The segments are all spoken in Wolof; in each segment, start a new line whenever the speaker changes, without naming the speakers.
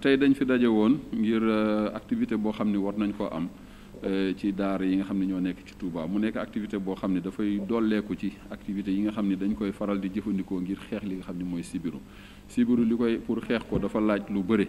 tey dañ fi daje woon ngir euh, activité boo xam ni war nañ koo am euh, ci daar yi nga xam ne ñoo nekk ci Touba mu nekk activité boo xam ne dafay dolleeku ci activité yi nga xam ne dañ koy faral di jëfandikoo ngir xeex li nga xam ne mooy sibiru sibiru li koy pour xeex ko dafa laaj lu bëri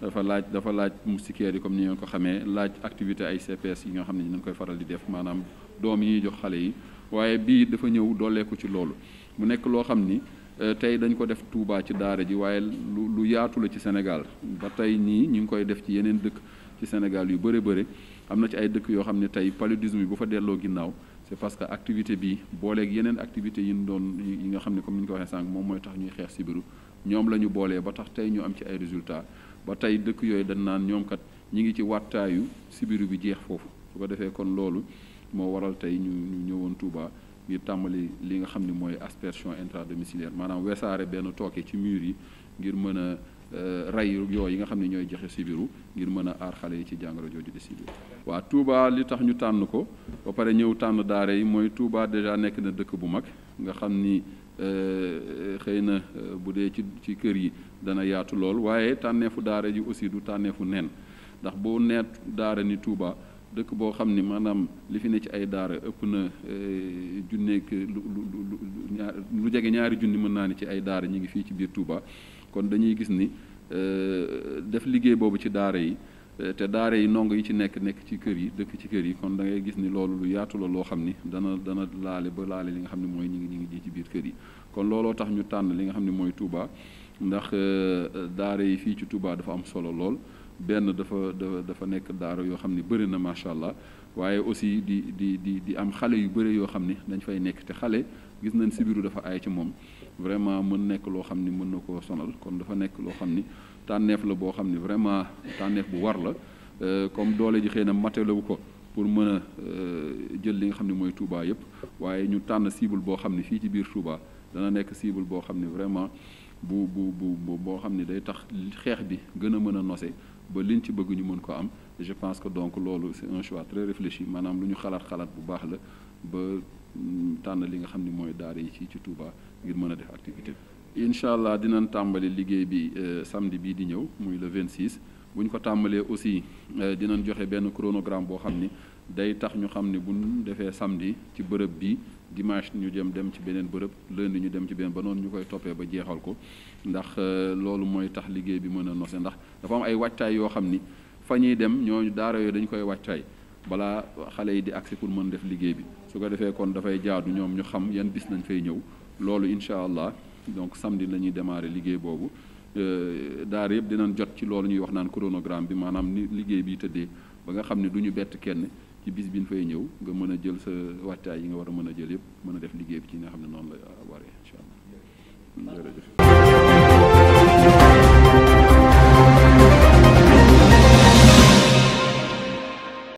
dafa laaj dafa laaj moustiquaire yi comme ni ngeen ko xamee laaj activité ay CPS yi nga xam ne dañ koy faral di def maanaam doom yi ñuy jox xale yi waaye bii dafa ñëw dolleeku ci loolu mu nekk loo xam ni Euh, tey dañ ko def tuubaa ci daare ji waaye lu lu yaatu la ci Sénégal ba tey nii ñu ngi koy def ci yeneen dëkk ci Sénégal yu bare bëre am na ci ay dëkk yoo xam ne tey paludisme bi bu fa delloo ginnaaw c'est parce que activité bi booleeg yeneen activité yi ñu doon yi nga xam ne comme ni ñu ko waxee sànq moom mooy tax ñuy xeex sibiru ñoom la ñu boolee ba tax tey ñu am ci ay résultats ba tey dëkk yooyu dañ naan ñoom kat ñi ngi ci wattaayu sibiru bi jeex foofu su ko defee kon loolu moo waral tey ñu ñu ñëwoon Touba ngir tàmbali li nga xam ni mooy aspersion intradomiciliaire maanaam wesaare benn tooke ci mur yi ngir mën a euh, ray yooyu yi nga xam ne ñooy joxe sibiru ngir mën a aar xale yi ci jàngoro jooju di sibiru waa Touba li tax ñu tànn ko ba pare ñëw tànn daara yi mooy Touba déjà nekk na dëkk bu mag nga xam ni euh, xëy na euh, bu dee ci ci kër yi dana yaatu lool waaye tànneefu daare ji aussi du tànneefu nen ndax boo neet daara ni tuubaa dëkk boo xam ni maanaam li fi ne ci ay daara ëpp na eh, junneeg lu lu lu jege ñaari junni mën naa ne ci ay daara ñu ngi fii ci biir Touba kon dañuy gis ni eh, def liggéey boobu ci daara yi eh, te daara yi ndongo yi ci nekk nekk ci kër yi dëkk ci kër yi kon da ngay gis ni loolu lu yaatu la loo xam ni dana dana laale ba laale li nga xam ne mooy ñu ngi ñu ngi ci biir kër yi kon looloo tax ñu tànn li nga xam ni mooy Touba ndax daara yi fii ci Touba dafa am solo lool. benn dafa dafa nekk daara yoo xam ne bëri na macha allah waaye aussi di di di di am xale yu bëri yoo xam ne dañ fay nekk te xale gis nañ sibiru dafa aay ci moom vraiment mën nekk loo xam ni mën na ko sonal kon dafa nekk loo xam ni tànneef la boo xam ni vraiment tànneef bu war la euh, comme doole ji xëy na matelawu ko pour mën a euh, jël li nga xam ne mooy Touba yëpp waaye ñu tànn cible boo xam ne fii ci biir Touba dana nekk cible boo xam ni vraiment bu bu bu boo xam ne day tax xeex bi gën a mën a nose ba liñ ci bëgg ñu mën ko am je pense que donc loolu c'est un choix très réfléchi maanaam lu ñu xalaat xalaat bu baax la ba mm, tànn li nga xam ni mooy daara yi ci ci ngir mën a def activité bi. incha allah dinañ tàmbali liggéey bi euh, samedi bii di ñëw muy le 26. bu ñu ko tàmbalee aussi euh, dinañ joxe benn cronogramme boo xam ni day tax ñu xam ni bu ñu defee samedi ci bërëb bi dimanche ñu jëm dem ci beneen bërëb lundi ñu dem ci beneen ba noonu ñu koy toppee ba jeexal ko ndax euh, loolu mooy tax liggéey bi mën a nose ndax dafa am ay wàccaay yoo xam ni fa ñuy dem ñooñu daara yooyu dañu koy wàccaay balaa xale yi di agsi pour mën def liggéey bi su ko defee kon dafay jaadu ñoom ñu xam yan bis nañ fay ñëw loolu incha allah donc samedi la ñuy démarrer liggéey boobu Euh, daar yëpp dinañ jot ci loolu ñuy wax naan chronogramme bi maanaam ni liggéey bi tëddee ba nga xam ne duñu ñu bett kenn ci bis bi ñu fay ñëw nga mën a jël sa wàccaay yi nga war a mën a jël yëpp mën a def liggéey bi ci nga xam ne noonu la waree incha allah